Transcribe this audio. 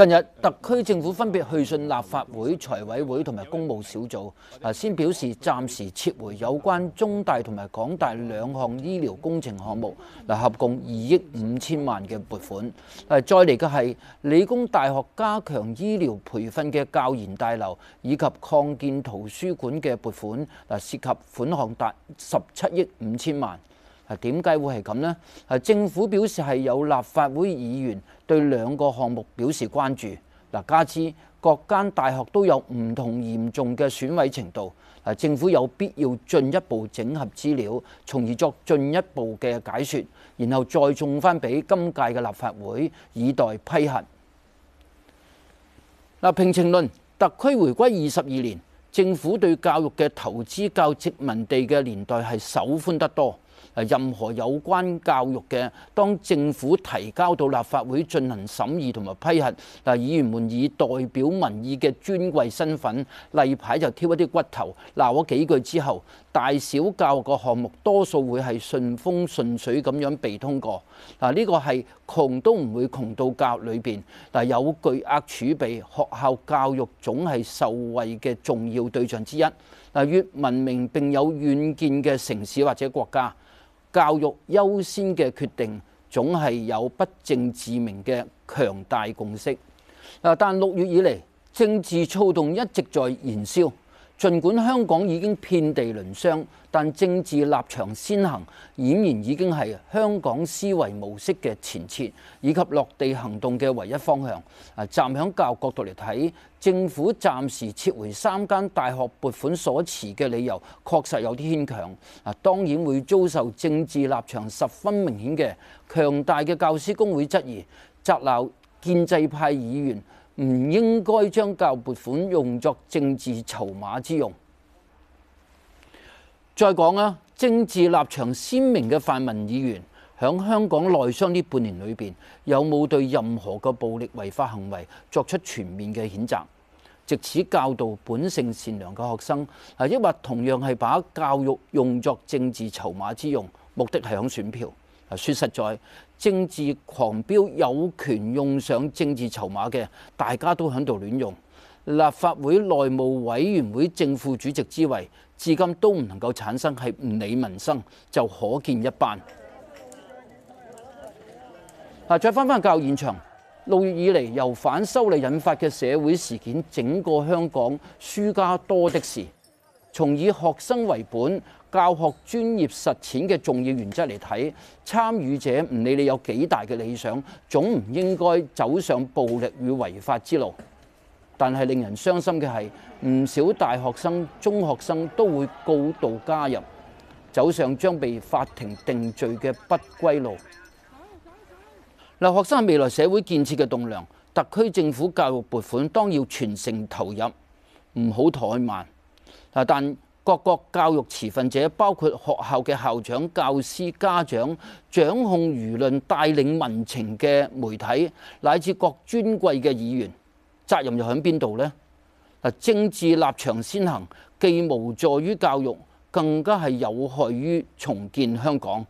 近日，特區政府分別去信立法會財委會同埋公務小組，嗱先表示暫時撤回有關中大同埋港大兩項醫療工程項目，嗱合共二億五千萬嘅撥款。但再嚟嘅係理工大學加強醫療培訓嘅教研大樓以及擴建圖書館嘅撥款，嗱涉及款項達十七億五千萬。啊！點解會係咁呢？政府表示係有立法會議員對兩個項目表示關注。嗱，加之各間大學都有唔同嚴重嘅損毀程度，政府有必要進一步整合資料，從而作進一步嘅解説，然後再送返俾今屆嘅立法會以待批核。嗱，平情論，特區回歸二十二年，政府對教育嘅投資，較殖民地嘅年代係首寬得多。任何有關教育嘅，當政府提交到立法會進行審議同埋批核，嗱，議員們以代表民意嘅尊貴身份，例牌就挑一啲骨頭鬧咗幾句之後，大小教育個項目多數會係順風順水咁樣被通過。嗱，呢個係窮都唔會窮到教育裏邊。嗱，有巨額儲備，學校教育總係受惠嘅重要對象之一。嗱，越文明並有遠見嘅城市或者國家。教育優先嘅決定總係有不證自明嘅強大共識。但六月以來，政治躁動一直在燃燒。儘管香港已經遍地鱗傷，但政治立場先行，儼然已經係香港思維模式嘅前設，以及落地行動嘅唯一方向。啊，站響教育角度嚟睇，政府暫時撤回三間大學撥款所持嘅理由，確實有啲牽強。啊，當然會遭受政治立場十分明顯嘅強大嘅教師公會質疑，責鬧建制派議員。唔應該將教育撥款用作政治籌碼之用。再講啊，政治立場鮮明嘅泛民議員，響香港內商呢半年裏邊，有冇對任何嘅暴力違法行為作出全面嘅譴責，藉此教導本性善良嘅學生？啊，抑或同樣係把教育用作政治籌碼之用，目的係搶選票？啊，說實在。政治狂飆，有權用上政治籌碼嘅，大家都喺度亂用。立法會內務委員會正副主席之位，至今都唔能夠產生，係唔理民生，就可見一斑。再翻返教育現場，六月以嚟由反修例引發嘅社會事件，整個香港輸家多的是。從以學生為本、教學專業實踐嘅重要原則嚟睇，參與者唔理你有幾大嘅理想，總唔應該走上暴力與違法之路。但係令人傷心嘅係，唔少大學生、中學生都會高度加入，走上將被法庭定罪嘅不歸路。嗱，學生係未來社會建設嘅棟梁，特區政府教育撥款當要全程投入，唔好怠慢。但各國教育持份者，包括學校嘅校長、教師、家長、掌控輿論、帶領民情嘅媒體，乃至各尊貴嘅議員，責任又喺邊度呢？政治立場先行，既無助於教育，更加係有害於重建香港。